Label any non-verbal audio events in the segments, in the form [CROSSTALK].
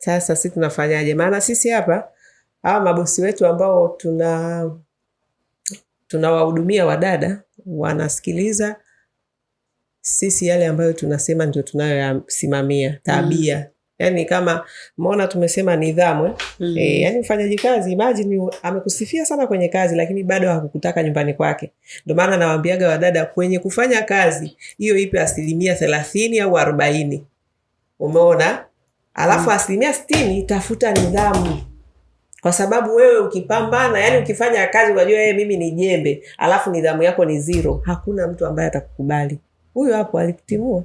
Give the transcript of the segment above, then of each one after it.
Sasa si tunafanyaje? Maana sisi hapa hawa mabosi wetu ambao tuna tunawahudumia wadada wanasikiliza sisi yale ambayo tunasema ndio tunayoyasimamia mm. tabia mm. Yani kama mona tumesema nidhamu eh? mm. E, eh, yani mfanyaji kazi imagine amekusifia sana kwenye kazi, lakini bado hakukutaka nyumbani kwake. Ndo maana nawambiaga wadada kwenye kufanya kazi hiyo ipe asilimia thelathini au arobaini. Umeona Alafu mm. asilimia sitini, tafuta nidhamu, kwa sababu wewe ukipambana, yani ukifanya kazi unajua yeye mimi ni jembe, alafu nidhamu yako ni zero, hakuna mtu ambaye atakukubali. Huyo hapo alikutimua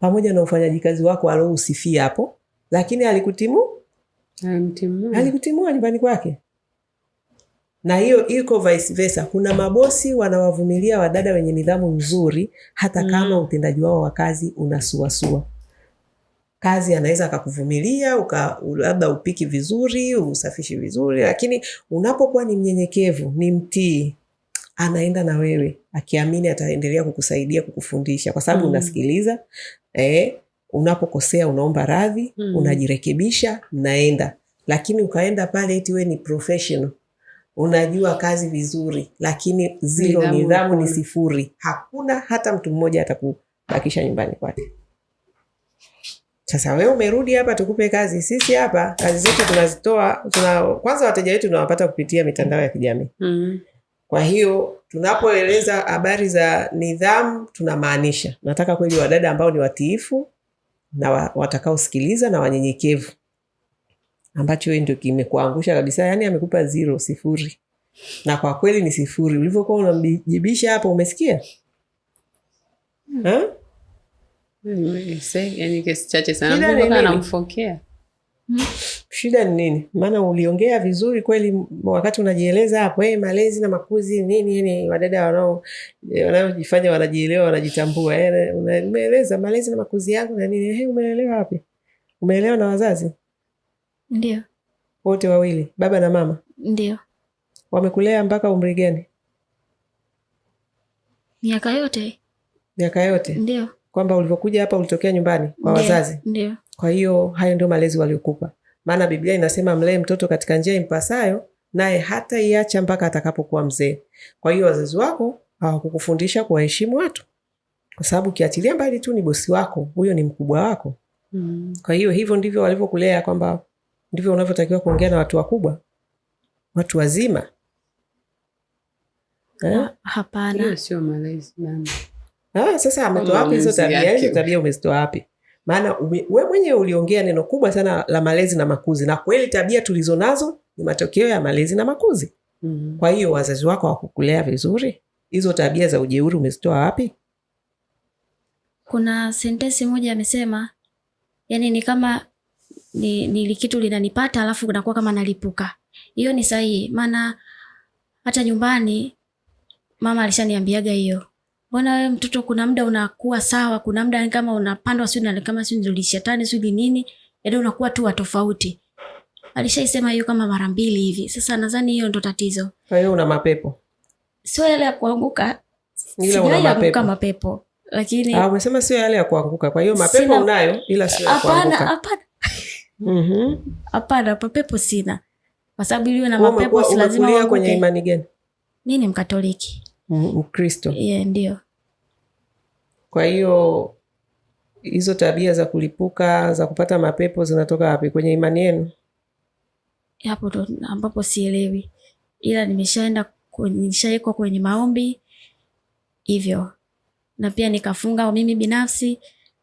pamoja na ufanyaji kazi wako alousifia hapo, lakini alikutimua, alikutimua nyumbani kwake. Na hiyo iko vice versa. Kuna mabosi wanawavumilia wadada wenye nidhamu nzuri, hata kama mm. utendaji wao wa kazi unasuasua kazi anaweza akakuvumilia, labda upiki vizuri, usafishi vizuri, lakini unapokuwa ni mnyenyekevu, ni mtii, anaenda na wewe akiamini ataendelea kukusaidia, kukufundisha, kwa sababu mm. unasikiliza eh, unapokosea unaomba radhi mm. unajirekebisha, mnaenda. Lakini ukaenda pale eti we ni professional unajua kazi vizuri, lakini zilo nidhamu ni sifuri. Hakuna hata mtu mmoja atakubakisha nyumbani kwake. Sasa wewe umerudi hapa tukupe kazi. Sisi hapa kazi zetu tunazitoa tuna, kwanza wateja wetu tunawapata kupitia mitandao ya kijamii mm. Kwa hiyo tunapoeleza habari za nidhamu tunamaanisha, nataka kweli wadada ambao ni watiifu na watakaosikiliza na wanyenyekevu, ambacho ndio kimekuangusha kabisa. Yani amekupa zero, sifuri, na kwa kweli ni sifuri. Ulivyokuwa unamjibisha hapo, umesikia mm anamfokea. Hmm? Shida ni nini? Maana uliongea vizuri kweli wakati unajieleza hapo, eh, malezi na makuzi nini, yani wadada wanao eh, wanaojifanya wanajielewa wanajitambua, eh, umeeleza malezi na makuzi yangu na nini, eh, umeelewa wapi? Umeelewa na wazazi? Ndio. Wote wawili, baba na mama? Ndio. Wamekulea mpaka umri gani? Miaka yote. Miaka yote? Ndio kwamba ulivyokuja hapa ulitokea nyumbani kwa wazazi ndio. Kwa hiyo hayo ndio malezi waliokupa, maana Biblia inasema mlee mtoto katika njia impasayo, naye hata iacha mpaka atakapokuwa mzee. Kwa hiyo wazazi wako hawakukufundisha kuwaheshimu watu, kwa sababu ukiachilia mbali tu ni bosi wako, huyo ni mkubwa wako mm. Kwa hiyo hivyo ndivyo walivyokulea, kwamba ndivyo unavyotakiwa kuongea na watu wakubwa, watu wazima. Ha, eh? Hapana, sio malezi. Ah, sasa ametoa wapi hizo tabia? Hizo tabia umezitoa wapi? Maana we mwenyewe uliongea neno kubwa sana la malezi na makuzi, na kweli tabia tulizo nazo ni matokeo ya malezi na makuzi. Mm. Kwa hiyo wazazi wako hawakukulea vizuri, hizo tabia za ujeuri umezitoa wapi? Kuna sentensi moja amesema, yani ni kama ni, ni kitu linanipata alafu kunakuwa kama nalipuka. Hiyo ni sahihi, maana hata nyumbani mama alishaniambiaga hiyo mbona wewe mtoto, kuna muda unakuwa sawa, kuna muda kama unapandwa na kama sijui shetani sijui nini, yaani unakuwa tu wa tofauti. Alishaisema hiyo kama mara mbili hivi. Sasa nadhani hiyo ndo tatizo. Kwa hiyo una mapepo? Sio yale ya kuanguka, Ile una mapepo. Mapepo lakini ah, umesema sio yale ya kuanguka. Kwa hiyo mapepo sina... unayo ila sio ya kuanguka. Hapana, hapana. Mhm. Hapana, mapepo sina. Kwa sababu ile na mapepo si lazima. Umekulia kwenye imani gani? Mimi ni Mkatoliki. Ukristo. Yeah, ndio. Kwa hiyo hizo tabia za kulipuka za kupata mapepo zinatoka wapi? Kwenye imani yenu? Hapo ndo ambapo sielewi, ila nimeshaenda nishaekwa kwenye maombi hivyo, na pia nikafunga mimi binafsi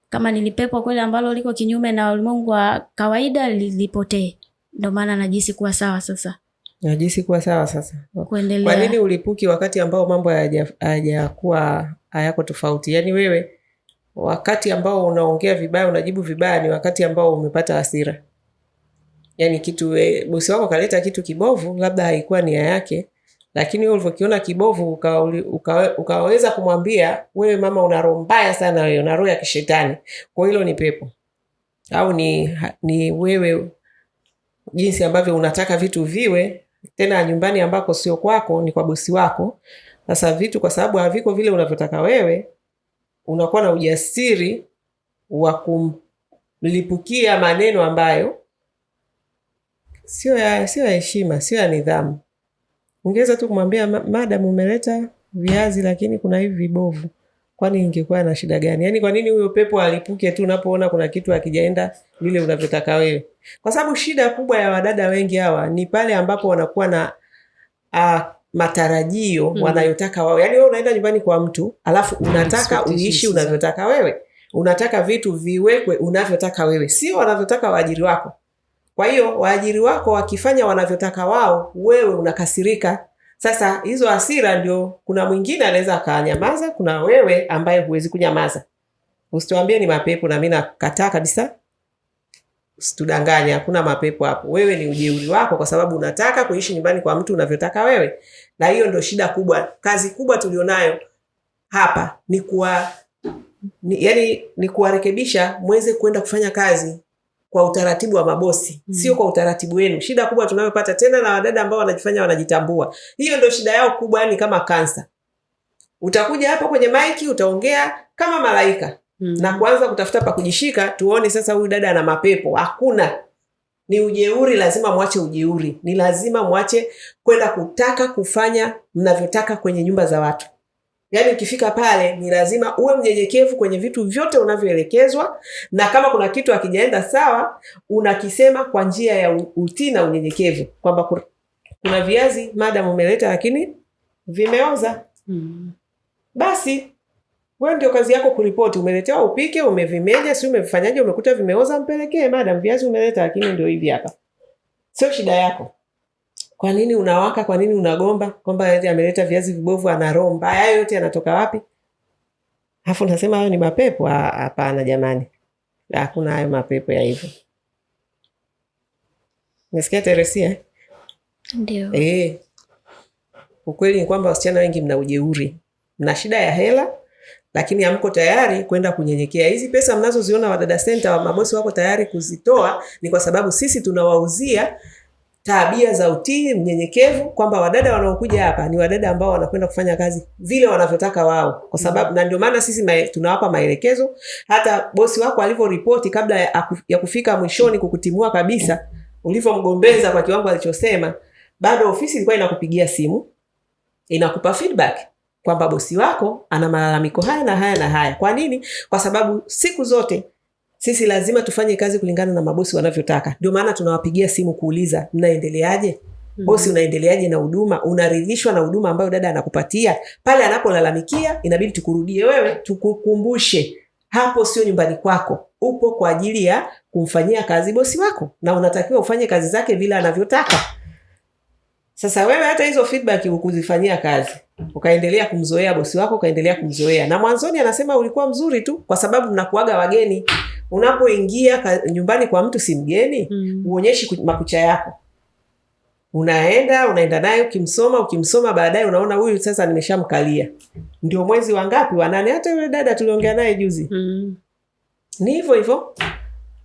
kama nilipepwa kweli ambalo liko kinyume na ulimwengu wa kawaida lilipotee, ndo maana najisi kuwa sawa sasa. Najisi kuwa sawa sasa. Kwa nini ulipuki wakati ambao mambo hayajakuwa hayako tofauti? Yaani wewe wakati ambao unaongea vibaya, unajibu vibaya ni wakati ambao umepata hasira. Yaani kitu e, bosi wako kaleta kitu kibovu, labda haikuwa nia yake, lakini wewe ulivyokiona kibovu ukaweza uka, uka, uka kumwambia wewe, mama, una roho mbaya sana, wewe una roho ya kishetani. Kwa hilo ni pepo au ni, ni wewe jinsi ambavyo unataka vitu viwe tena nyumbani ambako sio kwako, ni kwa bosi wako. Sasa vitu kwa sababu haviko vile unavyotaka wewe, unakuwa na ujasiri wa kumlipukia maneno ambayo sio ya sio ya heshima, sio ya nidhamu. Ungeweza tu kumwambia madam, umeleta viazi lakini kuna hivi vibovu kwani ingekuwa na shida gani? Yani kwa nini huyo pepo alipuke tu unapoona kuna kitu akijaenda vile unavyotaka wewe? Kwa sababu shida kubwa ya wadada wengi hawa ni pale ambapo wanakuwa na a, ah, matarajio hmm, wanayotaka wao. Yani wewe unaenda nyumbani kwa mtu alafu mm-hmm. unataka uishi unavyotaka wewe, unataka vitu viwekwe unavyotaka wewe, sio wanavyotaka waajiri wako. Kwa hiyo waajiri wako wakifanya wanavyotaka wao, wewe unakasirika sasa hizo hasira ndio, kuna mwingine anaweza akanyamaza, kuna wewe ambaye huwezi kunyamaza. Usituambie ni mapepo, na mimi nakataa kabisa. situdanganye hakuna mapepo hapo. Wewe ni ujeuri wako, kwa sababu unataka kuishi nyumbani kwa mtu unavyotaka wewe, na hiyo ndio shida kubwa. Kazi kubwa tulionayo hapa ni kuwa ni, yani, ni kuwarekebisha mweze kwenda kufanya kazi kwa utaratibu wa mabosi mm. Sio kwa utaratibu wenu. Shida kubwa tunayopata tena na wadada ambao wanajifanya wanajitambua, hiyo ndio shida yao kubwa, yani kama kansa. Utakuja hapa kwenye maiki utaongea kama malaika mm. na kuanza kutafuta pa kujishika, tuone sasa huyu dada ana mapepo. Hakuna, ni ujeuri. Lazima mwache ujeuri, ni lazima mwache kwenda kutaka kufanya mnavyotaka kwenye nyumba za watu. Yaani ukifika pale ni lazima uwe mnyenyekevu kwenye vitu vyote unavyoelekezwa, na kama kuna kitu hakijaenda sawa unakisema kwa njia ya utii na unyenyekevu kwamba kuna viazi madam umeleta lakini vimeoza. Hmm. Basi wewe ndio kazi yako kuripoti, umeletewa upike, umevimeja, si umevifanyaje, umekuta vimeoza, mpelekee madam, viazi umeleta lakini ndio hivi hapa. Sio shida yako. Kwa nini unawaka? Kwa nini unagomba kwamba eti ameleta viazi vibovu, ana roho mbaya? Hayo yote yanatoka wapi? Afu nasema hayo ni mapepo? Hapana jamani, hakuna hayo mapepo ya hivyo. Nasikia Teresia, eh? ndio eh. Ukweli ni kwamba wasichana wengi mna ujeuri, mna shida ya hela, lakini hamko tayari kwenda kunyenyekea. Hizi pesa mnazoziona Wadada Senta, wa mabosi wako tayari kuzitoa, ni kwa sababu sisi tunawauzia tabia za utii, mnyenyekevu, kwamba wadada wanaokuja hapa ni wadada ambao wanakwenda kufanya kazi vile wanavyotaka wao, kwa sababu na ndio maana sisi mae, tunawapa maelekezo. Hata bosi wako alivyoripoti kabla ya, ya kufika mwishoni kukutimua kabisa, ulivyomgombeza kwa kiwango alichosema, bado ofisi ilikuwa inakupigia simu inakupa feedback kwamba bosi wako ana malalamiko haya na haya na haya. Kwa nini? Kwa sababu siku zote sisi lazima tufanye kazi kulingana na mabosi wanavyotaka. Ndio maana tunawapigia simu kuuliza mnaendeleaje? Mm -hmm. Bosi, unaendeleaje na huduma? Unaridhishwa na huduma ambayo dada anakupatia? Pale anapolalamikia, inabidi tukurudie wewe, tukukumbushe hapo sio nyumbani kwako, upo kwa ajili ya kumfanyia kazi bosi wako, na unatakiwa ufanye kazi zake vile anavyotaka. Sasa wewe hata hizo feedback ukuzifanyia kazi, ukaendelea kumzoea bosi wako, ukaendelea kumzoea, na mwanzoni anasema ulikuwa mzuri tu, kwa sababu mnakuaga wageni Unapoingia nyumbani kwa mtu si mgeni mm. uonyeshi makucha yako, unaenda unaenda naye, ukimsoma ukimsoma, baadaye unaona huyu sasa nimeshamkalia. Ndio mwezi wa ngapi? Wa nane. Hata yule dada tuliongea naye juzi mm. ni hivyo hivyo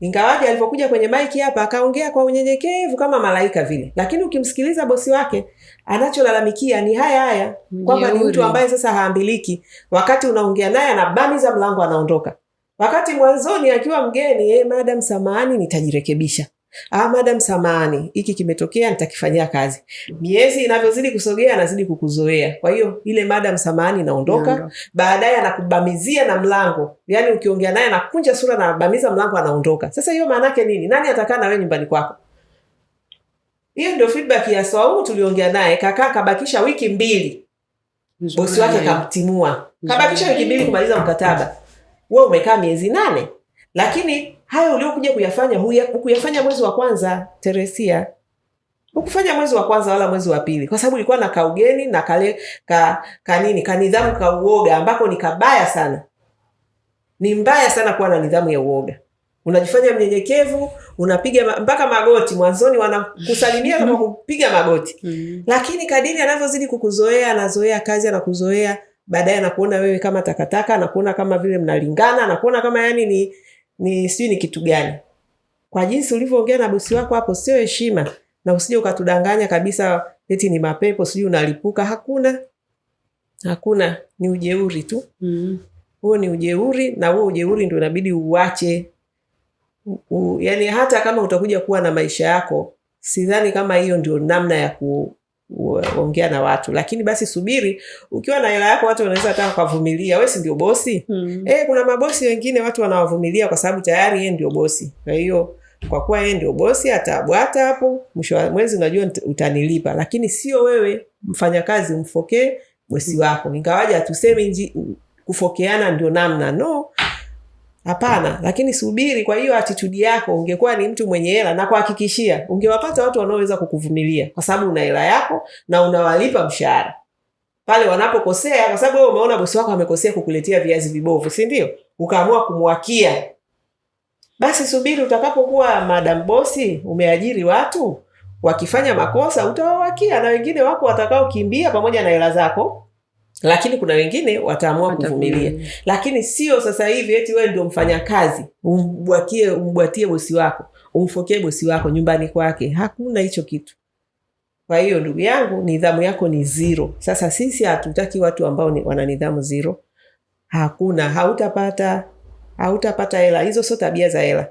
ingawaje alivyokuja kwenye maiki hapa akaongea kwa unyenyekevu kama malaika vile, lakini ukimsikiliza bosi wake anacholalamikia ni haya haya, kwamba ni mtu ambaye sasa haambiliki. Wakati unaongea naye anabamiza mlango, anaondoka. Wakati mwanzoni akiwa mgeni eh, madam samani, nitajirekebisha Ah, madam samani, hiki kimetokea, nitakifanyia kazi. Miezi inavyozidi kusogea, anazidi kukuzoea. Kwa hiyo ile madam samani inaondoka, baadaye anakubamizia na mlango, yani ukiongea naye anakunja sura na anabamiza mlango, anaondoka. Sasa hiyo maana yake nini? Nani atakaa na wewe nyumbani kwako? Hiyo ndio feedback ya Swaumu tuliongea naye. Kakaa kabakisha wiki mbili, bosi wake kamtimua, kabakisha wiki mbili kumaliza mkataba wewe umekaa miezi nane, lakini hayo uliokuja kuyafanya hukuyafanya mwezi wa kwanza, Teresia ukufanya mwezi wa kwanza wala mwezi wa pili, kwa sababu ilikuwa na kaugeni na kale ka, ka nini ka nidhamu ka uoga, ambako ni kabaya sana. Ni mbaya sana kuwa na nidhamu ya uoga. Unajifanya mnyenyekevu, unapiga mpaka magoti. Mwanzoni wanakusalimia kama [LAUGHS] kupiga magoti, hmm. lakini kadiri anavyozidi kukuzoea, anazoea kazi, anakuzoea baadaye anakuona wewe kama takataka, anakuona kama vile mnalingana, anakuona kama yani ni ni sijui ni kitu gani. Kwa jinsi ulivyoongea na bosi wako hapo, sio heshima, na usije ukatudanganya kabisa eti ni mapepo, sijui unalipuka. Hakuna, hakuna, ni ujeuri tu mm huo ni ujeuri, na huo ujeuri ndio inabidi uwache. Yani hata kama utakuja kuwa na maisha yako, sidhani kama hiyo ndio namna ya ku ongea na watu, lakini basi subiri, ukiwa na hela yako watu wanaweza hata wakavumilia. Wewe ndio bosi? hmm. E, kuna mabosi wengine watu wanawavumilia kwa sababu tayari yee ndio bosi. Kwa hiyo kwa kuwa yee ndio bosi atabwata hapo, mwisho wa mwezi unajua utanilipa, lakini sio wewe mfanyakazi umfokee bosi hmm. wako. ingawaja hatusemi kufokeana ndio namna, no, Hapana, lakini subiri. Kwa hiyo atitudi yako, ungekuwa ni mtu mwenye hela, na kuhakikishia ungewapata watu wanaoweza kukuvumilia, kwa sababu una hela yako na unawalipa mshahara pale wanapokosea, kwa sababu wewe umeona bosi wako amekosea kukuletea viazi vibovu, si ndio? Ukaamua kumwakia, basi subiri, utakapokuwa madam bosi, umeajiri watu wakifanya makosa, utawawakia na wengine wako watakaokimbia pamoja na hela zako lakini kuna wengine wataamua kuvumilia, lakini sio sasa hivi eti wewe ndio mfanyakazi umbwatie umbwatie bosi wako umfokee bosi wako nyumbani kwake. Hakuna hicho kitu. Kwa hiyo ndugu yangu, nidhamu yako ni zero. Sasa sisi hatutaki watu ambao ni, wana nidhamu zero. Hakuna, hautapata hautapata hela hizo, sio tabia za hela.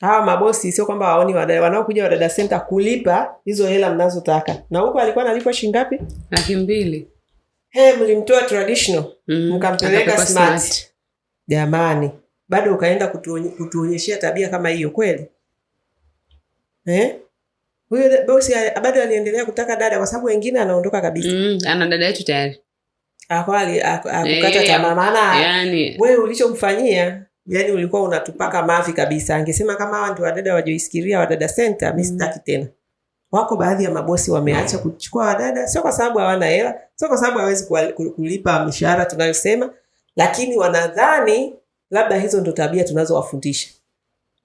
Hawa mabosi sio kwamba waoni wanaokuja Wadada Senta kulipa hizo hela mnazotaka. Na huko alikuwa nalipwa shingapi ngapi? laki mbili mlimtoa traditional mm, mkampeleka smart. Jamani, bado ukaenda kutuonyeshea tabia kama hiyo kweli eh? Huyo bosi bado aliendelea kutaka dada, kwa sababu wengine anaondoka kabisa. Mm, ana dada yetu tayari akwali akukata eh, tamaa, yaani maana yani, wewe ulichomfanyia yani ulikuwa unatupaka mavi kabisa. Angesema kama hawa ndio wadada wajoisikiria wadada senta, mi mm. sitaki mm. tena Wako baadhi ya mabosi wameacha mm. kuchukua wadada, sio kwa sababu hawana hela, sio kwa sababu hawezi kulipa mishahara tunayosema, lakini wanadhani labda hizo ndo tabia tunazowafundisha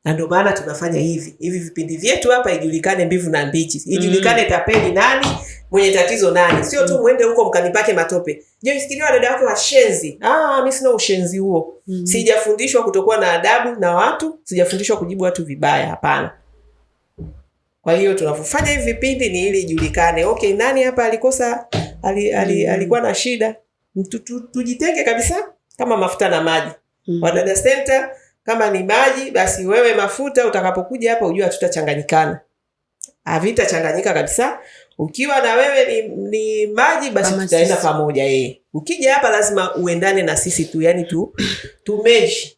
na ndio maana tunafanya hivi hivi vipindi vyetu hapa, ijulikane mbivu na mbichi, ijulikane mm. tapeli nani mwenye tatizo nani, sio tu mm. mwende huko mkanipake matope. Je, msikilie wadada wake washenzi? Ah, mimi sina ushenzi huo mm. sijafundishwa kutokuwa na adabu na watu, sijafundishwa kujibu watu vibaya, hapana. Kwa hiyo tunapofanya hivi vipindi ni ili ijulikane, okay, nani hapa alikosa ali, ali, mm. alikuwa na shida. Tujitenge kabisa kama mafuta na maji. Mm. Wadada Center kama ni maji basi wewe mafuta utakapokuja hapa ujua tutachanganyikana. Havitachanganyika kabisa. Ukiwa na wewe ni, ni maji basi tutaenda pamoja yeye. Ukija hapa lazima uendane na sisi tu, yani tu tumeji.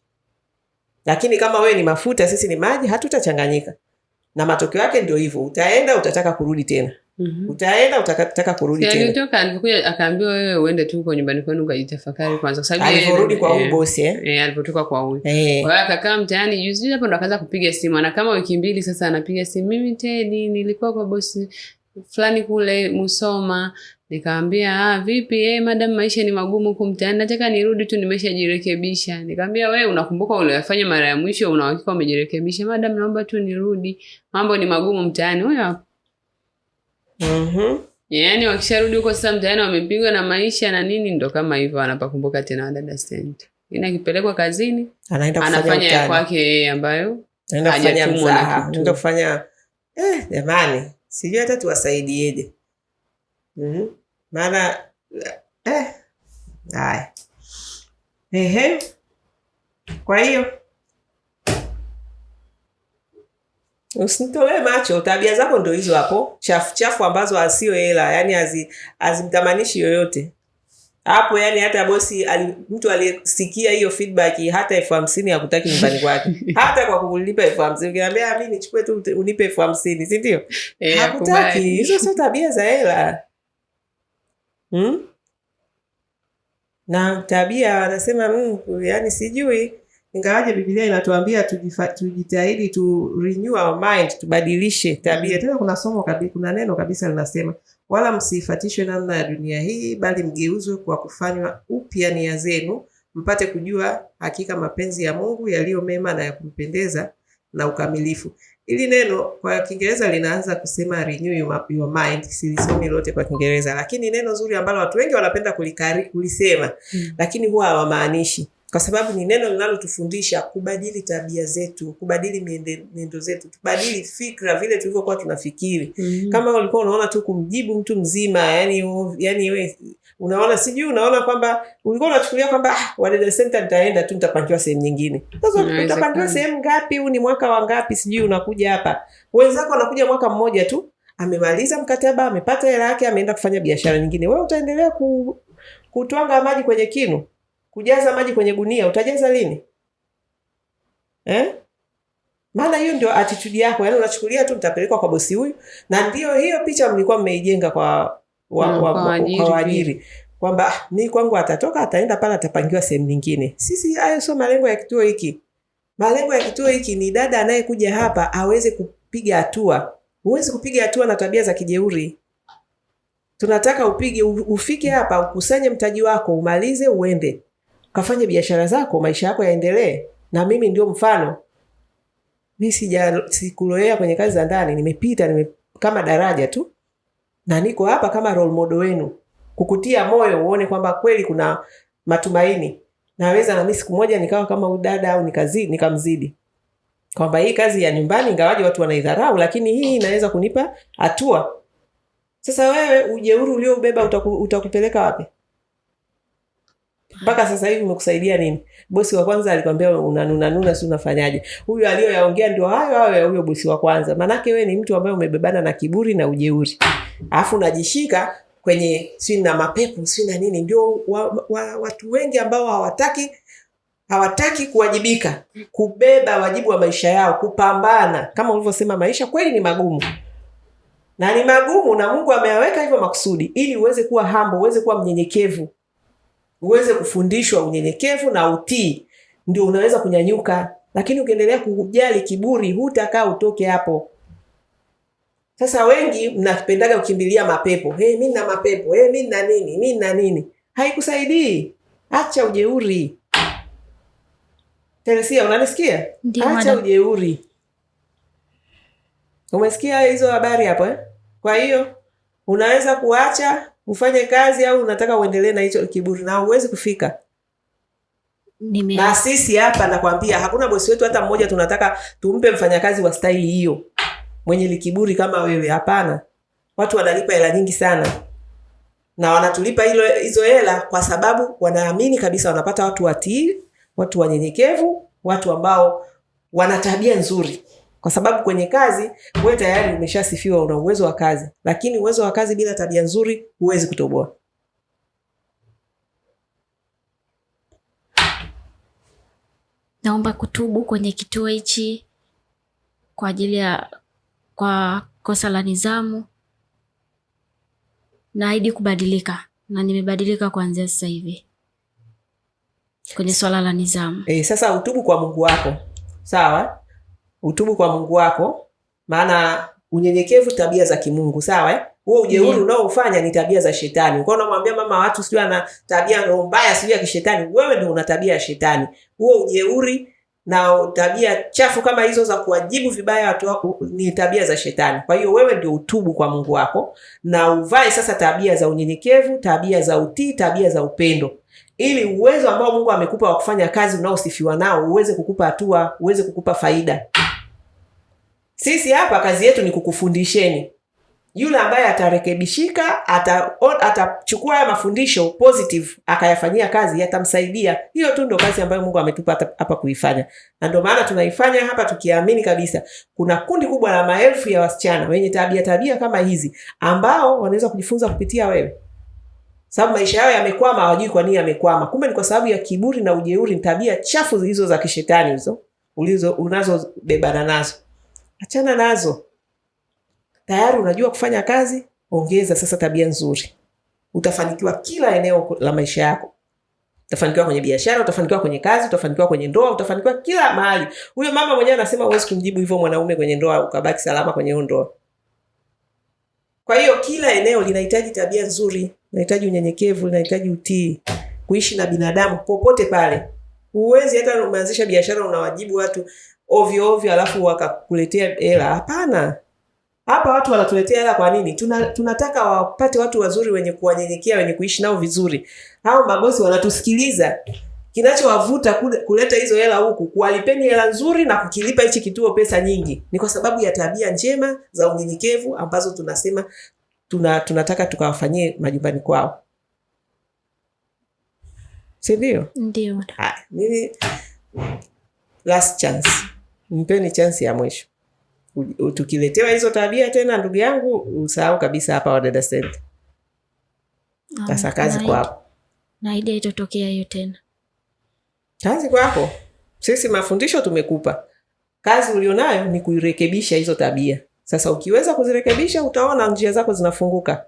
Lakini kama wewe ni mafuta sisi ni maji hatutachanganyika na matokeo yake ndio hivyo, utaenda utataka kurudi tena Mm -hmm. Utaenda utataka kurudi yaani tena. Yaani toka alikuja akaambiwa wewe uende tu huko nyumbani kwenu ukajitafakari kwanza kwa sababu aliporudi eh, eh? eh, kwa huyu bosi eh. Eh, alipotoka kwa huyu. Kwa hiyo akakaa mtaani juzi hapo ndo akaanza kupiga simu na kama wiki mbili sasa anapiga simu, mimi Teddy nilikuwa kwa bosi fulani kule Musoma, nikamwambia ah, vipi eh, madam, maisha ni magumu huku mtaani, nataka nirudi tu, nimeshajirekebisha. Nikamwambia wewe, unakumbuka uliyofanya mara ya mwisho? Una uhakika umejirekebisha? Madam, naomba tu nirudi, mambo ni magumu mtaani. Huyo hapo mhm yani wakisharudi huko sasa mtaani wamepigwa na maisha na nini, ndo kama hivyo anapakumbuka tena Wadada Center. Ina akipelekwa kazini anaenda kufanya anafanya kwake yeye ambayo anaenda kufanya mzaha, anaenda kufanya eh, jamani sijui hata tuwasaidieje. Mm-hmm. Maana eh, haya ehe, kwa hiyo usinitolee macho. Tabia zako ndo hizo hapo chafu chafu, ambazo asio hela, yaani azimtamanishi yoyote hapo yani hata bosi ali, mtu aliyesikia hiyo feedback hata elfu hamsini akutaki nyumbani kwake [LAUGHS] hata kwa kulipa elfu hamsini ukinaambia ah, mi nichukue tu unipe elfu hamsini sindio yeah, [LAUGHS] hakutaki hizo sio tabia za hela hmm? na tabia wanasema mm, yani sijui ingawaje bibilia inatuambia tujitahidi tu renew our mind tubadilishe tabia hmm. tena kuna somo kabisa, kuna neno kabisa linasema wala msiifatishwe namna ya dunia hii, bali mgeuzwe kwa kufanywa upya nia zenu, mpate kujua hakika mapenzi ya Mungu yaliyo mema na ya kumpendeza na ukamilifu. ili neno kwa Kiingereza linaanza kusema renew your mind. Silisomi lote kwa Kiingereza, lakini neno zuri ambalo watu wengi wanapenda kulikari, kulisema hmm, lakini huwa hawamaanishi kwa sababu ni neno linalotufundisha kubadili tabia zetu, kubadili mienendo zetu, kubadili fikra, vile tulivyokuwa tunafikiri. mm -hmm. Kama ulikuwa unaona tu kumjibu mtu mzima, yani yani we unaona sijui, unaona kwamba ulikuwa unachukulia kwamba ah, Wadada Center nitaenda tu nitapangiwa sehemu nyingine. Sasa utapangiwa sehemu ngapi? Huu ni mwaka wa ngapi? Sijui unakuja hapa, wenzako wanakuja mwaka mmoja tu, amemaliza mkataba, amepata hela yake, ameenda kufanya biashara nyingine, wewe utaendelea ku, kutwanga maji kwenye kinu kujaza maji kwenye gunia utajaza lini eh? Maana hiyo ndio attitude yako, yaani unachukulia tu nitapelekwa kwa bosi huyu, na ndio hiyo picha mlikuwa mmeijenga kwa waajiri kwamba ah, mi kwangu atatoka ataenda pale atapangiwa sehemu nyingine. Sisi hayo sio malengo ya kituo hiki. Malengo ya kituo hiki ni dada anayekuja hapa aweze kupiga hatua. Huwezi kupiga hatua na tabia za kijeuri. Tunataka upige ufike hapa ukusanye mtaji wako umalize uende kafanye biashara zako, maisha yako yaendelee, na mimi ndio mfano. Mi sija sikuloea kwenye kazi za ndani, nimepita nime, kama daraja tu, na niko hapa kama role model wenu kukutia moyo uone kwamba kweli kuna matumaini. Naweza nami siku moja nikawa kama udada au nikamzidi, kwamba hii kazi ya nyumbani ingawaji watu wanaidharau, lakini hii inaweza kunipa hatua. Sasa wewe ujeuri ulioubeba utaku, utakupeleka wapi? mpaka sasa hivi umekusaidia nini? Bosi wa kwanza alikwambia unanunanuna, si unafanyaje? huyo aliyoyaongea ndio hayo hayo ya huyo bosi wa kwanza. Maanake we ni mtu ambaye umebebana na kiburi na ujeuri, alafu unajishika kwenye si na mapepo si na nini. Ndio wa, wa, wa, watu wengi ambao hawataki hawataki kuwajibika, kubeba wajibu wa maisha yao, kupambana. Kama ulivyosema, maisha kweli ni magumu na ni magumu, na Mungu ameyaweka hivyo makusudi ili uweze kuwa hambo, uweze kuwa mnyenyekevu uweze kufundishwa unyenyekevu na utii, ndio unaweza kunyanyuka. Lakini ukiendelea kujali kiburi, hutakaa utoke hapo. Sasa wengi mnapendaga kukimbilia mapepo, hey, mi na mapepo hey, mi na nini mi na nini. Haikusaidii, acha ujeuri. Teresia, unanisikia? Acha ujeuri. Umesikia hizo habari hapo eh? Kwa hiyo unaweza kuacha ufanye kazi au unataka uendelee na hicho kiburi na huwezi kufika Nime. Na sisi hapa nakwambia hakuna bosi wetu hata mmoja tunataka tumpe mfanyakazi wa staili hiyo mwenye likiburi kama wewe. Hapana, watu wanalipa hela nyingi sana na wanatulipa hilo hizo hela kwa sababu wanaamini kabisa wanapata watu watii, watu wanyenyekevu, watu ambao wana tabia nzuri kwa sababu kwenye kazi wewe tayari umeshasifiwa, una uwezo wa kazi, lakini uwezo wa kazi bila tabia nzuri huwezi kutoboa. Naomba kutubu kwenye kituo hichi kwa ajili ya kwa kosa la nidhamu. Naahidi kubadilika na nimebadilika kuanzia sasa hivi kwenye swala la nidhamu. E, eh, sasa utubu kwa Mungu wako, sawa utubu kwa Mungu wako, maana unyenyekevu tabia za kimungu, sawa eh? Huo ujeuri yeah, unaofanya ni tabia za shetani. Kwa unamwambia mama watu sijui ana tabia roho mbaya sijui ya kishetani, wewe ndio una tabia ya shetani. Huo ujeuri na tabia chafu kama hizo za kuwajibu vibaya watu wako ni tabia za shetani. Kwa hiyo wewe ndio utubu kwa Mungu wako na uvae sasa tabia za unyenyekevu, tabia za utii, tabia za upendo, ili uwezo ambao Mungu amekupa wa kufanya kazi unaosifiwa nao uweze kukupa hatua, uweze kukupa faida. Sisi hapa kazi yetu ni kukufundisheni. Yule ambaye atarekebishika, atachukua haya mafundisho positive, akayafanyia kazi, yatamsaidia. Hiyo tu ndo kazi ambayo Mungu ametupa hapa kuifanya, na ndio maana tunaifanya hapa tukiamini kabisa kuna kundi kubwa la maelfu ya wasichana wenye tabia tabia kama hizi, ambao wanaweza kujifunza kupitia wewe, sababu maisha yao yamekwama, awajui kwa nini yamekwama. Kumbe ni kwa sababu ya kiburi na ujeuri, ni tabia chafu hizo za kishetani hizo unazobebana nazo achana nazo. Tayari unajua kufanya kazi, ongeza sasa tabia nzuri, utafanikiwa kila eneo la maisha yako. Utafanikiwa kwenye biashara, utafanikiwa kwenye kazi, utafanikiwa kwenye ndoa, utafanikiwa kila mahali. Huyo mama mwenyewe anasema huwezi kumjibu hivyo mwanaume kwenye ndoa ukabaki salama kwenye hiyo ndoa. Kwa hiyo kila eneo linahitaji tabia nzuri, linahitaji unyenyekevu, linahitaji utii, kuishi na binadamu popote pale. Huwezi hata umeanzisha biashara unawajibu watu ovyo ovyo, alafu wakakuletea hela. Hapana, hapa watu wanatuletea hela kwa nini? Tuna, tunataka wapate watu wazuri wenye kuwanyenyekea wenye kuishi nao vizuri. Hao magosi wanatusikiliza. Kinachowavuta kuleta hizo hela huku, kuwalipeni hela nzuri na kukilipa hichi kituo pesa nyingi, ni kwa sababu ya tabia njema za unyenyekevu ambazo tunasema tuna, tunataka tukawafanyie majumbani kwao, sindio Ndio. Mimi last chance mpeni chansi ya mwisho. Tukiletewa hizo tabia tena, ndugu yangu, usahau kabisa hapa Wadada Center. Sasa kazi kwako, na ile itotokea hiyo tena, kazi kwako. Sisi mafundisho tumekupa, kazi ulionayo ni kuirekebisha hizo tabia. Sasa ukiweza kuzirekebisha, utaona njia zako zinafunguka.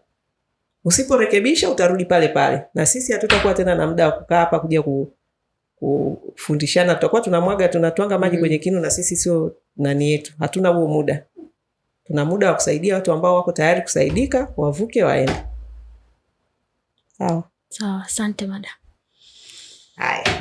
Usiporekebisha, utarudi pale pale, na sisi hatutakuwa tena na muda wa kukaa hapa kuja ku kufundishana, tutakuwa tunamwaga tunatwanga maji mm. kwenye kinu, na sisi sio nani yetu, hatuna huo muda. Tuna muda wa kusaidia watu ambao wako tayari kusaidika, wavuke waende. Sawa sawa, asante madam. Haya.